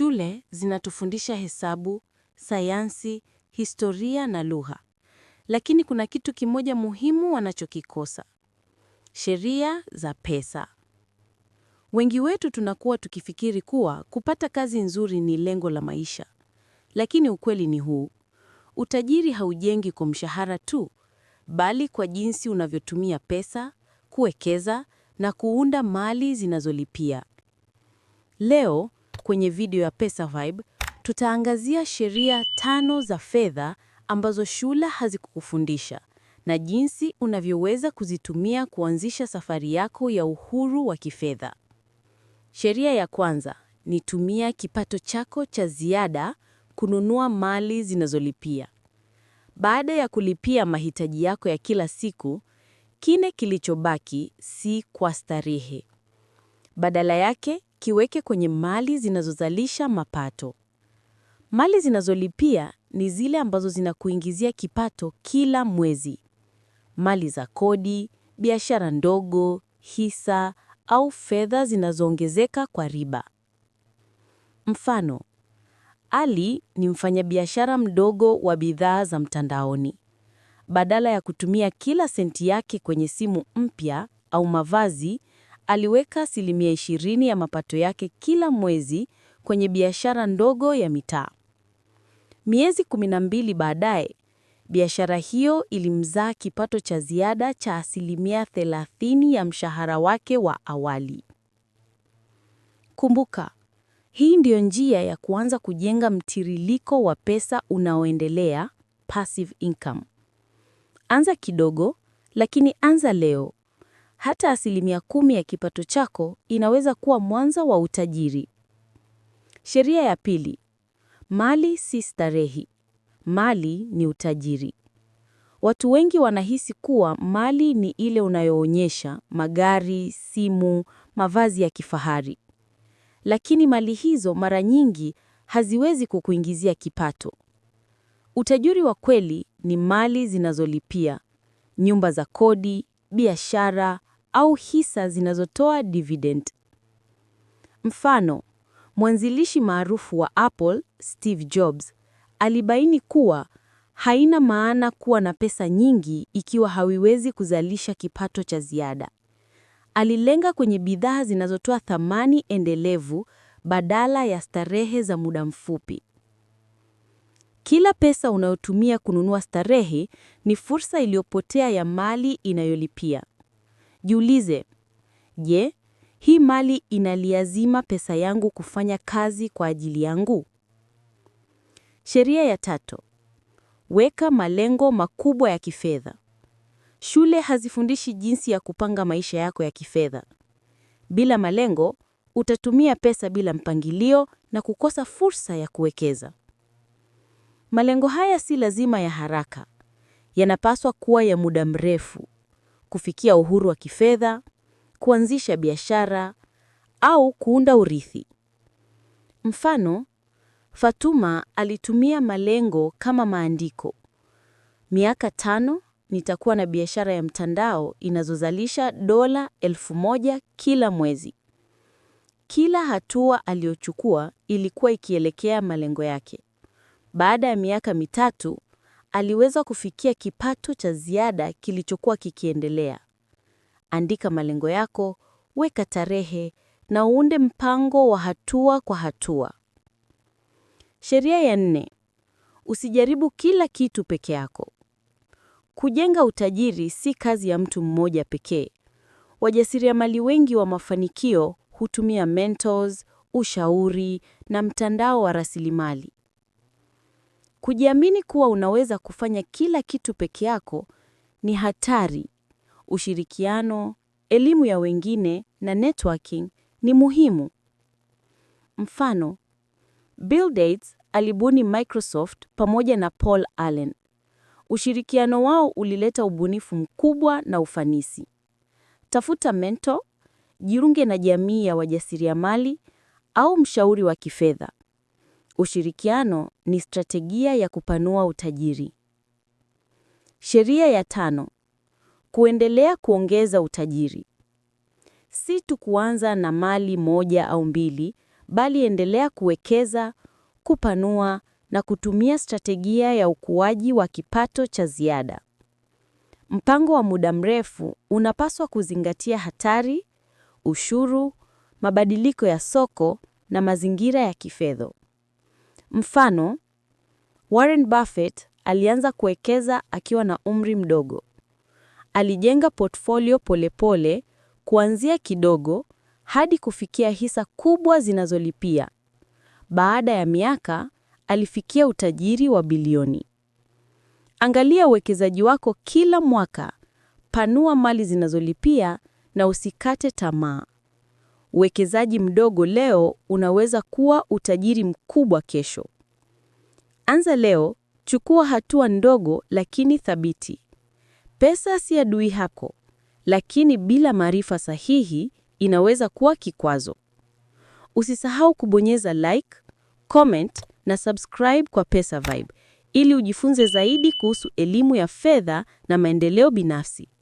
Shule zinatufundisha hesabu, sayansi, historia na lugha, lakini kuna kitu kimoja muhimu wanachokikosa: sheria za pesa. Wengi wetu tunakuwa tukifikiri kuwa kupata kazi nzuri ni lengo la maisha, lakini ukweli ni huu: utajiri haujengi kwa mshahara tu, bali kwa jinsi unavyotumia pesa, kuwekeza na kuunda mali zinazolipia. Leo kwenye video ya Pesa Vibe tutaangazia sheria tano za fedha ambazo shule hazikukufundisha na jinsi unavyoweza kuzitumia kuanzisha safari yako ya uhuru wa kifedha. Sheria ya kwanza ni tumia kipato chako cha ziada kununua mali zinazolipia. Baada ya kulipia mahitaji yako ya kila siku, kile kilichobaki si kwa starehe. Badala yake, kiweke kwenye mali zinazozalisha mapato. Mali zinazolipia ni zile ambazo zinakuingizia kipato kila mwezi. Mali za kodi, biashara ndogo, hisa au fedha zinazoongezeka kwa riba. Mfano, Ali ni mfanyabiashara mdogo wa bidhaa za mtandaoni. Badala ya kutumia kila senti yake kwenye simu mpya au mavazi, aliweka asilimia ishirini ya mapato yake kila mwezi kwenye biashara ndogo ya mitaa. Miezi 12 baadaye, biashara hiyo ilimzaa kipato cha ziada cha asilimia 30 ya mshahara wake wa awali. Kumbuka, hii ndiyo njia ya kuanza kujenga mtiririko wa pesa unaoendelea, passive income. Anza kidogo, lakini anza leo hata asilimia kumi ya kipato chako inaweza kuwa mwanzo wa utajiri. Sheria ya pili: mali si starehi, mali ni utajiri. Watu wengi wanahisi kuwa mali ni ile unayoonyesha: magari, simu, mavazi ya kifahari, lakini mali hizo mara nyingi haziwezi kukuingizia kipato. Utajiri wa kweli ni mali zinazolipia: nyumba za kodi, biashara, au hisa zinazotoa dividend. Mfano, mwanzilishi maarufu wa Apple, Steve Jobs, alibaini kuwa haina maana kuwa na pesa nyingi ikiwa hawiwezi kuzalisha kipato cha ziada. Alilenga kwenye bidhaa zinazotoa thamani endelevu badala ya starehe za muda mfupi. Kila pesa unayotumia kununua starehe ni fursa iliyopotea ya mali inayolipia. Jiulize, je, hii mali inaliazima pesa yangu kufanya kazi kwa ajili yangu? Sheria ya tatu. Weka malengo makubwa ya kifedha. Shule hazifundishi jinsi ya kupanga maisha yako ya kifedha. Bila malengo, utatumia pesa bila mpangilio na kukosa fursa ya kuwekeza. Malengo haya si lazima ya haraka. Yanapaswa kuwa ya muda mrefu kufikia uhuru wa kifedha, kuanzisha biashara au kuunda urithi. Mfano, Fatuma alitumia malengo kama maandiko. Miaka tano nitakuwa na biashara ya mtandao inazozalisha dola elfu moja kila mwezi. Kila hatua aliyochukua ilikuwa ikielekea malengo yake. Baada ya miaka mitatu aliweza kufikia kipato cha ziada kilichokuwa kikiendelea. Andika malengo yako, weka tarehe na uunde mpango wa hatua kwa hatua. Sheria ya nne: usijaribu kila kitu peke yako. Kujenga utajiri si kazi ya mtu mmoja pekee. Wajasiriamali wengi wa mafanikio hutumia mentors, ushauri na mtandao wa rasilimali. Kujiamini kuwa unaweza kufanya kila kitu peke yako ni hatari. Ushirikiano, elimu ya wengine na networking ni muhimu. Mfano, Bill Gates alibuni Microsoft pamoja na Paul Allen. Ushirikiano wao ulileta ubunifu mkubwa na ufanisi. Tafuta mentor, jiunge na jamii ya wajasiriamali au mshauri wa kifedha. Ushirikiano ni strategia ya kupanua utajiri. Sheria ya tano: kuendelea kuongeza utajiri. Si tu kuanza na mali moja au mbili, bali endelea kuwekeza, kupanua na kutumia strategia ya ukuaji wa kipato cha ziada. Mpango wa muda mrefu unapaswa kuzingatia hatari, ushuru, mabadiliko ya soko na mazingira ya kifedha. Mfano, Warren Buffett alianza kuwekeza akiwa na umri mdogo. Alijenga portfolio polepole kuanzia kidogo hadi kufikia hisa kubwa zinazolipia. Baada ya miaka, alifikia utajiri wa bilioni. Angalia uwekezaji wako kila mwaka, panua mali zinazolipia na usikate tamaa. Uwekezaji mdogo leo unaweza kuwa utajiri mkubwa kesho. Anza leo, chukua hatua ndogo lakini thabiti. Pesa si adui yako, lakini bila maarifa sahihi inaweza kuwa kikwazo. Usisahau kubonyeza like, comment na subscribe kwa Pesa Vibe ili ujifunze zaidi kuhusu elimu ya fedha na maendeleo binafsi.